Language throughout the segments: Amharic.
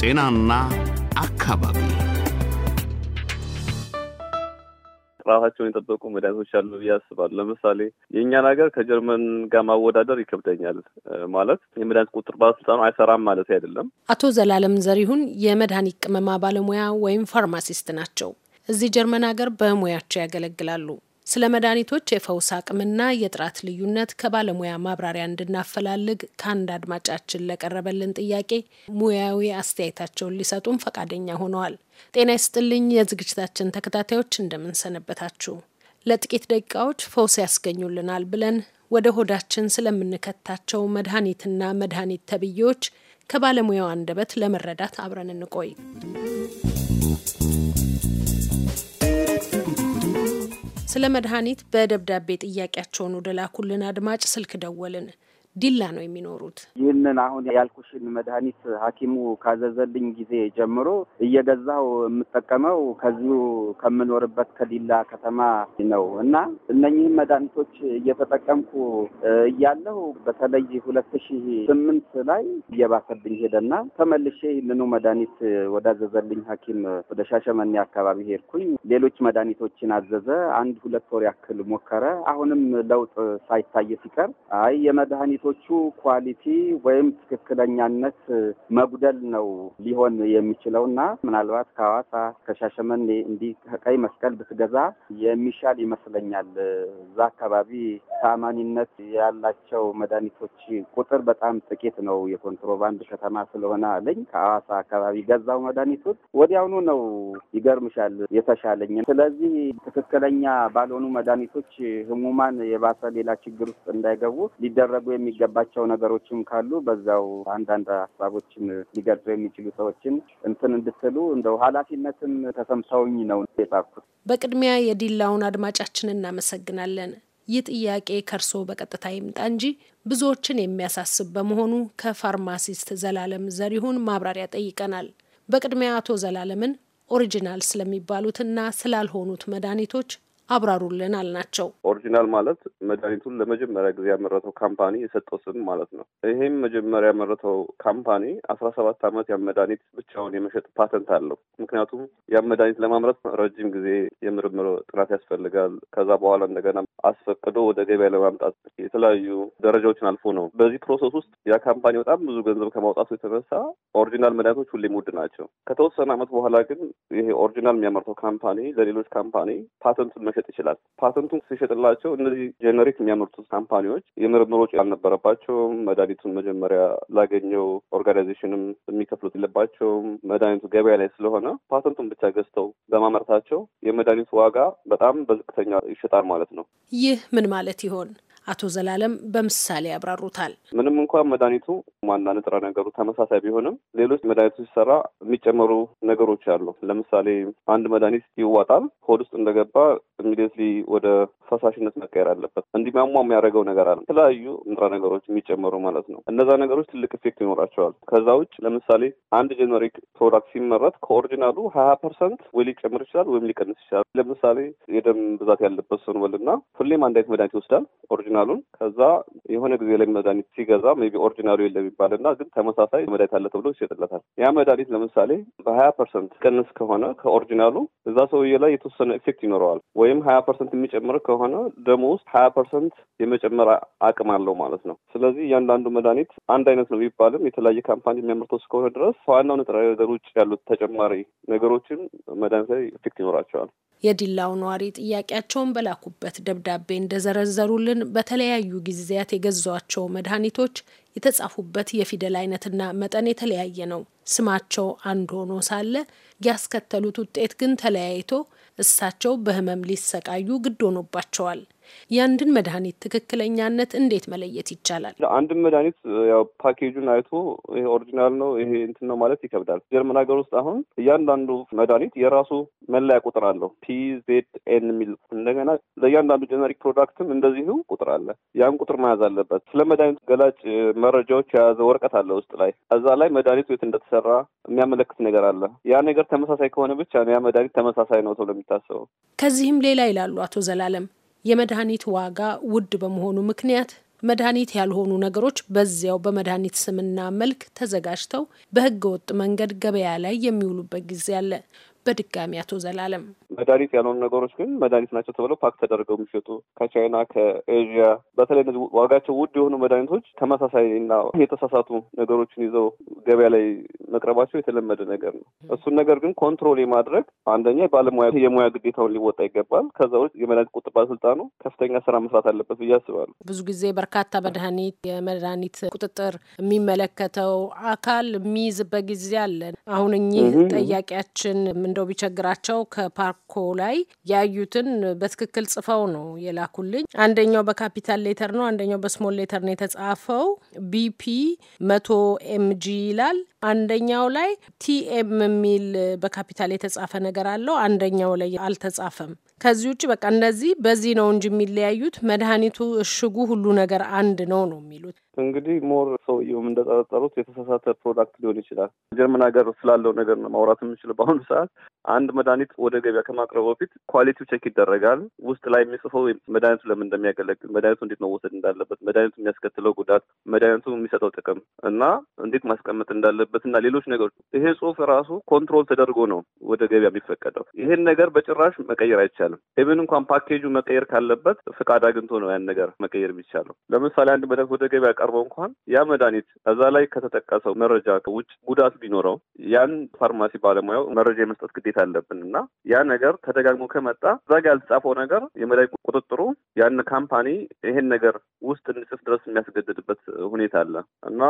ጤናና አካባቢ ራሳቸውን የጠበቁ መድኃኒቶች አሉ ብዬ አስባለሁ። ለምሳሌ የእኛን ሀገር ከጀርመን ጋር ማወዳደር ይከብደኛል። ማለት የመድኃኒት ቁጥር ባለስልጣኑ አይሰራም ማለት አይደለም። አቶ ዘላለም ዘሪሁን የመድኃኒት ቅመማ ባለሙያ ወይም ፋርማሲስት ናቸው። እዚህ ጀርመን ሀገር በሙያቸው ያገለግላሉ። ስለ መድኃኒቶች የፈውስ አቅምና የጥራት ልዩነት ከባለሙያ ማብራሪያ እንድናፈላልግ ከአንድ አድማጫችን ለቀረበልን ጥያቄ ሙያዊ አስተያየታቸውን ሊሰጡን ፈቃደኛ ሆነዋል። ጤና ይስጥልኝ የዝግጅታችን ተከታታዮች እንደምንሰነበታችሁ። ለጥቂት ደቂቃዎች ፈውስ ያስገኙልናል ብለን ወደ ሆዳችን ስለምንከታቸው መድኃኒትና መድኃኒት ተብዬዎች ከባለሙያው አንደበት ለመረዳት አብረን እንቆይ። ስለ መድኃኒት በደብዳቤ ጥያቄያቸውን ወደ ላኩልን አድማጭ ስልክ ደወልን። ዲላ ነው የሚኖሩት። ይህንን አሁን ያልኩሽን መድኃኒት ሐኪሙ ካዘዘልኝ ጊዜ ጀምሮ እየገዛው የምጠቀመው ከዚሁ ከምኖርበት ከዲላ ከተማ ነው እና እነኚህን መድኃኒቶች እየተጠቀምኩ እያለሁ በተለይ ሁለት ሺህ ስምንት ላይ እየባሰብኝ ሄደና ተመልሼ ይህንኑ መድኃኒት ወዳዘዘልኝ ሐኪም ወደ ሻሸመኔ አካባቢ ሄድኩኝ። ሌሎች መድኃኒቶችን አዘዘ። አንድ ሁለት ወር ያክል ሞከረ። አሁንም ለውጥ ሳይታይ ሲቀር አይ የመድኃኒቱ የምርቶቹ ኳሊቲ ወይም ትክክለኛነት መጉደል ነው ሊሆን የሚችለው እና ምናልባት ከሐዋሳ ከሻሸመኔ እንዲህ ከቀይ መስቀል ብትገዛ የሚሻል ይመስለኛል። እዛ አካባቢ ተአማኒነት ያላቸው መድኃኒቶች ቁጥር በጣም ጥቂት ነው። የኮንትሮባንድ ከተማ ስለሆነ አለኝ ከሐዋሳ አካባቢ ገዛው መድኃኒቶች ወዲያውኑ ነው ይገርምሻል የተሻለኝ። ስለዚህ ትክክለኛ ባልሆኑ መድኃኒቶች ህሙማን የባሰ ሌላ ችግር ውስጥ እንዳይገቡ ሊደረጉ የሚ የሚገባቸው ነገሮችም ካሉ በዛው አንዳንድ ሀሳቦችን ሊገልጹ የሚችሉ ሰዎችን እንትን እንድትሉ እንደው ኃላፊነትም ተሰምሰውኝ ነው የጻፍኩት። በቅድሚያ የዲላውን አድማጫችን እናመሰግናለን። ይህ ጥያቄ ከእርስዎ በቀጥታ ይምጣ እንጂ ብዙዎችን የሚያሳስብ በመሆኑ ከፋርማሲስት ዘላለም ዘሪሁን ማብራሪያ ጠይቀናል። በቅድሚያ አቶ ዘላለምን ኦሪጂናል ስለሚባሉትና ስላልሆኑት መድኃኒቶች አብራሩልን አልናቸው። ኦሪጂናል ማለት መድኃኒቱን ለመጀመሪያ ጊዜ ያመረተው ካምፓኒ የሰጠው ስም ማለት ነው። ይሄም መጀመሪያ ያመረተው ካምፓኒ አስራ ሰባት ዓመት ያ መድኃኒት ብቻውን የመሸጥ ፓተንት አለው። ምክንያቱም ያ መድኃኒት ለማምረት ረጅም ጊዜ የምርምር ጥናት ያስፈልጋል። ከዛ በኋላ እንደገና አስፈቅዶ ወደ ገበያ ለማምጣት የተለያዩ ደረጃዎችን አልፎ ነው። በዚህ ፕሮሰስ ውስጥ ያ ካምፓኒ በጣም ብዙ ገንዘብ ከማውጣቱ የተነሳ ኦሪጂናል መድኃኒቶች ሁሌም ውድ ናቸው። ከተወሰነ ዓመት በኋላ ግን ይሄ ኦሪጂናል የሚያመርተው ካምፓኒ ለሌሎች ካምፓኒ ፓተንቱን ሊሰጥ ይችላል። ፓተንቱን ሲሸጥላቸው እነዚህ ጀነሪክ የሚያመርቱት ካምፓኒዎች የምርምር ወጪ አልነበረባቸውም። መድኃኒቱን መጀመሪያ ላገኘው ኦርጋናይዜሽንም የሚከፍሉት የለባቸውም። መድኃኒቱ ገበያ ላይ ስለሆነ ፓተንቱን ብቻ ገዝተው በማመርታቸው የመድኃኒቱ ዋጋ በጣም በዝቅተኛ ይሸጣል ማለት ነው። ይህ ምን ማለት ይሆን? አቶ ዘላለም በምሳሌ ያብራሩታል። ምንም እንኳን መድኃኒቱ ዋና ንጥረ ነገሩ ተመሳሳይ ቢሆንም ሌሎች መድኃኒቱ ሲሰራ የሚጨመሩ ነገሮች አሉ። ለምሳሌ አንድ መድኃኒት ይዋጣል፣ ሆድ ውስጥ እንደገባ ኢሚዲየትሊ ወደ ፈሳሽነት መቀየር አለበት። እንዲሟሟ የሚያደርገው ነገር አለ፣ የተለያዩ ንጥረ ነገሮች የሚጨመሩ ማለት ነው። እነዛ ነገሮች ትልቅ ኢፌክት ይኖራቸዋል። ከዛ ውጭ ለምሳሌ አንድ ጀነሪክ ፕሮዳክት ሲመረት ከኦሪጂናሉ ሀያ ፐርሰንት ወይ ሊጨምር ይችላል ወይም ሊቀንስ ይችላል። ለምሳሌ የደም ብዛት ያለበት ሰው ሁሌም አንድ አይነት መድኃኒት ይወስዳል ኦሪጂናሉን። ከዛ የሆነ ጊዜ ላይ መድኃኒት ሲገዛ ሜይ ቢ ኦርዲናሪ የለም ይባልና ግን ተመሳሳይ መድኃኒት አለ ተብሎ ይሸጥለታል። ያ መድኃኒት ለምሳሌ በሀያ ፐርሰንት ቀንስ ከሆነ ከኦርዲናሉ እዛ ሰውዬ ላይ የተወሰነ ኢፌክት ይኖረዋል። ወይም ሀያ ፐርሰንት የሚጨምር ከሆነ ደሞ ውስጥ ሀያ ፐርሰንት የመጨመር አቅም አለው ማለት ነው። ስለዚህ እያንዳንዱ መድኃኒት አንድ አይነት ነው ቢባልም የተለያየ ካምፓኒ የሚያመርተው እስከሆነ ድረስ ከዋናው ንጥረ ነገር ውጭ ያሉት ተጨማሪ ነገሮችን መድኃኒት ላይ ኢፌክት ይኖራቸዋል። የዲላው ነዋሪ ጥያቄያቸውን በላኩበት ደብዳቤ እንደዘረዘሩልን በተለያዩ ጊዜያት የገዟቸው መድኃኒቶች የተጻፉበት የፊደል አይነትና መጠን የተለያየ ነው። ስማቸው አንድ ሆኖ ሳለ ያስከተሉት ውጤት ግን ተለያይቶ እሳቸው በህመም ሊሰቃዩ ግድ ሆኖባቸዋል። የአንድን መድኃኒት ትክክለኛነት እንዴት መለየት ይቻላል? አንድን መድኃኒት ያው ፓኬጁን አይቶ ይሄ ኦሪጂናል ነው ይሄ እንትን ነው ማለት ይከብዳል። ጀርመን ሀገር ውስጥ አሁን እያንዳንዱ መድኃኒት የራሱ መለያ ቁጥር አለው፣ ፒ ዜድ ኤን የሚል እንደገና ለእያንዳንዱ ጀነሪክ ፕሮዳክትም እንደዚሁ ቁጥር አለ። ያን ቁጥር መያዝ አለበት። ስለ መድኃኒት ገላጭ መረጃዎች የያዘ ወረቀት አለ ውስጥ ላይ እዛ ላይ መድኃኒቱ የት እንደተሰራ የሚያመለክት ነገር አለ። ያ ነገር ተመሳሳይ ከሆነ ብቻ ያ መድኃኒት ተመሳሳይ ነው ተብሎ የሚታሰበው። ከዚህም ሌላ ይላሉ አቶ ዘላለም የመድኃኒት ዋጋ ውድ በመሆኑ ምክንያት መድኃኒት ያልሆኑ ነገሮች በዚያው በመድኃኒት ስምና መልክ ተዘጋጅተው በህገወጥ ወጥ መንገድ ገበያ ላይ የሚውሉበት ጊዜ አለ። በድጋሚ አቶ ዘላለም መድኃኒት ያልሆኑ ነገሮች ግን መድኃኒት ናቸው ተብለው ፓክ ተደርገው የሚሸጡ ከቻይና ከኤዥያ በተለይ እነዚህ ዋጋቸው ውድ የሆኑ መድኃኒቶች ተመሳሳይ እና የተሳሳቱ ነገሮችን ይዘው ገበያ ላይ መቅረባቸው የተለመደ ነገር ነው። እሱን ነገር ግን ኮንትሮል የማድረግ አንደኛ ባለሙያ የሙያ ግዴታውን ሊወጣ ይገባል። ከዛ ውጭ የመድኃኒት ቁጥር ባለስልጣኑ ከፍተኛ ስራ መስራት አለበት ብዬ አስባለሁ። ብዙ ጊዜ በርካታ መድኃኒት የመድኃኒት ቁጥጥር የሚመለከተው አካል የሚይዝበት ጊዜ አለን። አሁን እኚህ ጠያቂያችን እንደው ቢቸግራቸው ከፓርኮ ላይ ያዩትን በትክክል ጽፈው ነው የላኩልኝ። አንደኛው በካፒታል ሌተር ነው፣ አንደኛው በስሞል ሌተር ነው የተጻፈው። ቢፒ መቶ ኤምጂ ይላል። አንደኛው ላይ ቲኤም የሚል በካፒታል የተጻፈ ነገር አለው፣ አንደኛው ላይ አልተጻፈም። ከዚህ ውጭ በቃ እነዚህ በዚህ ነው እንጂ የሚለያዩት መድኃኒቱ እሽጉ ሁሉ ነገር አንድ ነው ነው የሚሉት። እንግዲህ ሞር ሰውየውም እንደጠረጠሩት የተሳሳተ ፕሮዳክት ሊሆን ይችላል። ጀርመን ሀገር ስላለው ነገር ነው ማውራት የምንችለው። በአሁኑ ሰዓት አንድ መድኃኒት ወደ ገበያ ከማቅረቡ በፊት ኳሊቲው ቼክ ይደረጋል። ውስጥ ላይ የሚጽፈው መድኃኒቱ ለምን እንደሚያገለግል፣ መድኃኒቱ እንዴት መወሰድ እንዳለበት፣ መድኃኒቱ የሚያስከትለው ጉዳት፣ መድኃኒቱ የሚሰጠው ጥቅም እና እንዴት ማስቀመጥ እንዳለበት እና ሌሎች ነገሮች ይሄ ጽሁፍ ራሱ ኮንትሮል ተደርጎ ነው ወደ ገበያ የሚፈቀደው። ይሄን ነገር በጭራሽ መቀየር አይቻልም። ኢቨን እንኳን ፓኬጁ መቀየር ካለበት ፍቃድ አግኝቶ ነው ያን ነገር መቀየር የሚቻለው። ለምሳሌ አንድ መድኃኒት ወደ ገበያ ቢቀርበው እንኳን ያ መድኃኒት እዛ ላይ ከተጠቀሰው መረጃ ውጭ ጉዳት ቢኖረው ያን ፋርማሲ ባለሙያው መረጃ የመስጠት ግዴታ አለብን እና ያ ነገር ተደጋግሞ ከመጣ እዛ ጋ ያልተጻፈው ነገር የመድኃኒት ቁጥጥሩ ያን ካምፓኒ ይሄን ነገር ውስጥ እንጽፍ ድረስ የሚያስገድድበት ሁኔታ አለ እና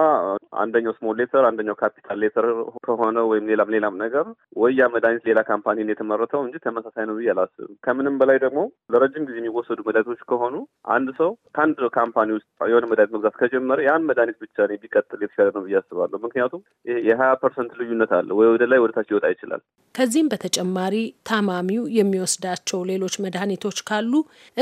አንደኛው ስሞል ሌተር አንደኛው ካፒታል ሌተር ከሆነ ወይም ሌላም ሌላም ነገር ወይ ያ መድኃኒት ሌላ ካምፓኒ የተመረተው እንጂ ተመሳሳይ ነው ብዬ አላስብም። ከምንም በላይ ደግሞ ለረጅም ጊዜ የሚወሰዱ መድኃኒቶች ከሆኑ አንድ ሰው ከአንድ ካምፓኒ ውስጥ የሆነ መድኃኒት መግዛት ከጀ ከተጨመረ ያን መድኃኒት ብቻ ነው ቢቀጥል የተሻለ ነው ብዬ አስባለሁ። ምክንያቱም የሀያ ፐርሰንት ልዩነት አለ ወይ ወደ ላይ ወደ ታች ሊወጣ ይችላል። ከዚህም በተጨማሪ ታማሚው የሚወስዳቸው ሌሎች መድኃኒቶች ካሉ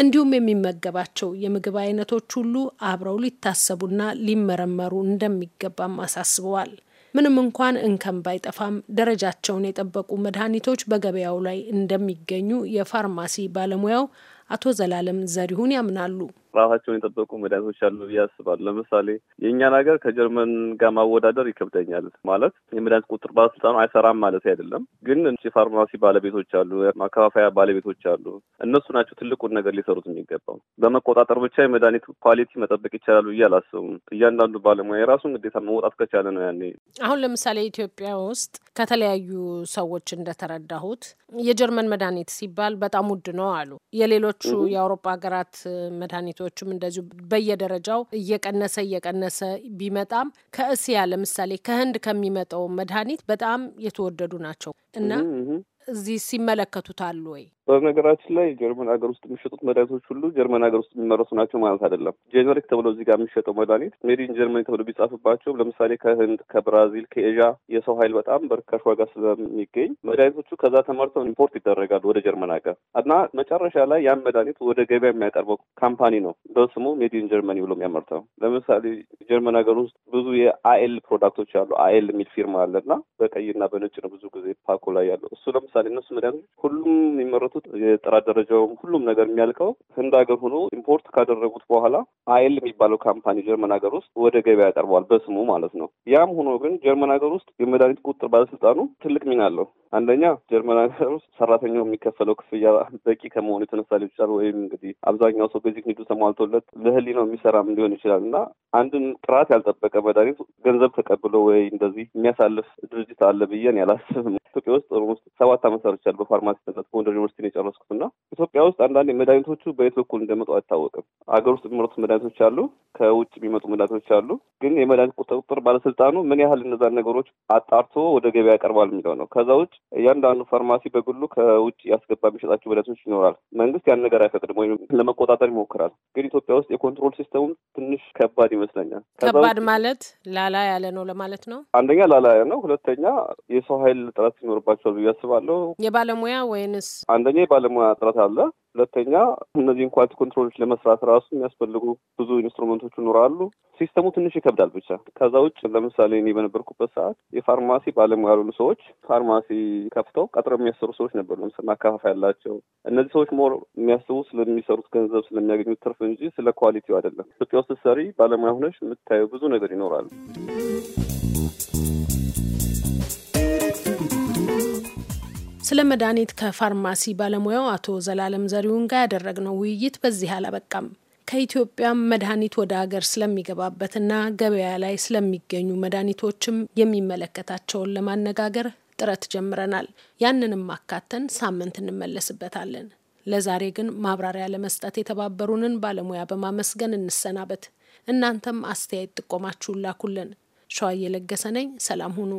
እንዲሁም የሚመገባቸው የምግብ አይነቶች ሁሉ አብረው ሊታሰቡና ሊመረመሩ እንደሚገባም አሳስበዋል። ምንም እንኳን እንከን ባይጠፋም ደረጃቸውን የጠበቁ መድኃኒቶች በገበያው ላይ እንደሚገኙ የፋርማሲ ባለሙያው አቶ ዘላለም ዘሪሁን ያምናሉ። ራሳቸውን የጠበቁ መድኃኒቶች አሉ ብዬ አስባለሁ። ለምሳሌ የእኛን ሀገር ከጀርመን ጋር ማወዳደር ይከብደኛል። ማለት የመድኃኒት ቁጥር ባለስልጣኑ አይሰራም ማለት አይደለም፣ ግን የፋርማሲ ባለቤቶች አሉ፣ ማከፋፈያ ባለቤቶች አሉ። እነሱ ናቸው ትልቁን ነገር ሊሰሩት የሚገባው። በመቆጣጠር ብቻ የመድኃኒት ኳሊቲ መጠበቅ ይቻላሉ ብዬ አላስብም። እያንዳንዱ ባለሙያ የራሱን ግዴታ መውጣት ከቻለ ነው ያኔ አሁን ለምሳሌ ኢትዮጵያ ውስጥ ከተለያዩ ሰዎች እንደተረዳሁት የጀርመን መድኃኒት ሲባል በጣም ውድ ነው አሉ። የሌሎቹ የአውሮፓ ሀገራት መድኃኒቶች ፓርቲዎችም እንደዚሁ በየደረጃው እየቀነሰ እየቀነሰ ቢመጣም ከእስያ ለምሳሌ ከህንድ ከሚመጣው መድኃኒት በጣም የተወደዱ ናቸው እና እዚህ ሲመለከቱታሉ ወይ? በነገራችን ላይ ጀርመን ሀገር ውስጥ የሚሸጡት መድኃኒቶች ሁሉ ጀርመን ሀገር ውስጥ የሚመረቱ ናቸው ማለት አይደለም። ጄኔሪክ ተብሎ እዚህ ጋር የሚሸጠው መድኃኒት ሜዲን ጀርመኒ ተብሎ ቢጻፍባቸው ለምሳሌ ከህንድ፣ ከብራዚል፣ ከኤዥያ የሰው ኃይል በጣም በርካሽ ዋጋ ስለሚገኝ መድኃኒቶቹ ከዛ ተመርተው ኢምፖርት ይደረጋሉ ወደ ጀርመን ሀገር እና መጨረሻ ላይ ያን መድኃኒት ወደ ገበያ የሚያቀርበው ካምፓኒ ነው በስሙ ሜዲን ጀርመኒ ብሎ የሚያመርተው። ለምሳሌ ጀርመን ሀገር ውስጥ ብዙ የአኤል ፕሮዳክቶች አሉ። አኤል የሚል ፊርማ አለ እና በቀይና በነጭ ነው ብዙ ጊዜ ፓኮ ላይ ያለው እሱ። ለምሳሌ እነሱ መድኃኒቶች ሁሉም የሚመረቱ የሚያመርቱት የጥራት ደረጃው ሁሉም ነገር የሚያልቀው ህንድ ሀገር ሆኖ ኢምፖርት ካደረጉት በኋላ አይል የሚባለው ካምፓኒ ጀርመን ሀገር ውስጥ ወደ ገበያ ያቀርበዋል በስሙ ማለት ነው። ያም ሆኖ ግን ጀርመን ሀገር ውስጥ የመድኃኒት ቁጥጥር ባለስልጣኑ ትልቅ ሚና አለው። አንደኛ ጀርመን ሀገር ውስጥ ሰራተኛው የሚከፈለው ክፍያ በቂ ከመሆኑ የተነሳ ሊሆን ይችላል። ወይም እንግዲህ አብዛኛው ሰው ቤዚክ ኒዱ ተሟልቶለት ነው የሚሰራም ሊሆን ይችላል እና አንድን ጥራት ያልጠበቀ መድኃኒት ገንዘብ ተቀብሎ ወይ እንደዚህ የሚያሳልፍ ድርጅት አለ ብዬን ያላስብም። ኢትዮጵያ ውስጥ ኦልሞስት ሰባት ዓመት ሰርቻለሁ በፋርማሲነት ጎንደር ዩኒቨርሲቲ የጨረስኩት እና ኢትዮጵያ ውስጥ አንዳንድ መድኃኒቶቹ በየት በኩል እንደመጡ አይታወቅም። አገር ውስጥ የሚመጡት መድኃኒቶች አሉ፣ ከውጭ የሚመጡ መድኃኒቶች አሉ። ግን የመድኃኒት ቁጥጥር ባለስልጣኑ ምን ያህል እነዛን ነገሮች አጣርቶ ወደ ገበያ ያቀርባል የሚለው ነው። ከዛ ውጭ እያንዳንዱ ፋርማሲ በግሉ ከውጭ ያስገባ የሚሸጣቸው መድኃኒቶች ይኖራል። መንግስት ያን ነገር አይፈቅድም ወይም ለመቆጣጠር ይሞክራል። ግን ኢትዮጵያ ውስጥ የኮንትሮል ሲስተሙም ትንሽ ከባድ ይመስለኛል። ከባድ ማለት ላላ ያለ ነው ለማለት ነው። አንደኛ ላላ ያለ ነው፣ ሁለተኛ የሰው ኃይል ጥረት ይኖርባቸዋል ብዬ አስባለሁ። የባለሙያ ወይንስ አንደኛ የባለሙያ እጥረት አለ። ሁለተኛ እነዚህን ኳሊቲ ኮንትሮሎች ለመስራት ራሱ የሚያስፈልጉ ብዙ ኢንስትሩመንቶች ይኖራሉ። ሲስተሙ ትንሽ ይከብዳል ብቻ። ከዛ ውጭ ለምሳሌ እኔ በነበርኩበት ሰዓት የፋርማሲ ባለሙያ ያልሆኑ ሰዎች ፋርማሲ ከፍተው ቀጥረው የሚያሰሩ ሰዎች ነበሩ። ለምሳሌ ማከፋፋይ ያላቸው እነዚህ ሰዎች ሞር የሚያስቡ ስለሚሰሩት ገንዘብ ስለሚያገኙት ትርፍ እንጂ ስለ ኳሊቲው አይደለም። ኢትዮጵያ ውስጥ ሰሪ ባለሙያ ሆነሽ የምታየው ብዙ ነገር ይኖራል። ስለ መድኃኒት ከፋርማሲ ባለሙያው አቶ ዘላለም ዘሪሁን ጋር ያደረግነው ውይይት በዚህ አላበቃም። ከኢትዮጵያ መድኃኒት ወደ ሀገር ስለሚገባበትና ገበያ ላይ ስለሚገኙ መድኃኒቶችም የሚመለከታቸውን ለማነጋገር ጥረት ጀምረናል። ያንንም አካተን ሳምንት እንመለስበታለን። ለዛሬ ግን ማብራሪያ ለመስጠት የተባበሩንን ባለሙያ በማመስገን እንሰናበት። እናንተም አስተያየት ጥቆማችሁን ላኩልን። ሸዋዬ ለገሰ ነኝ። ሰላም ሁኑ።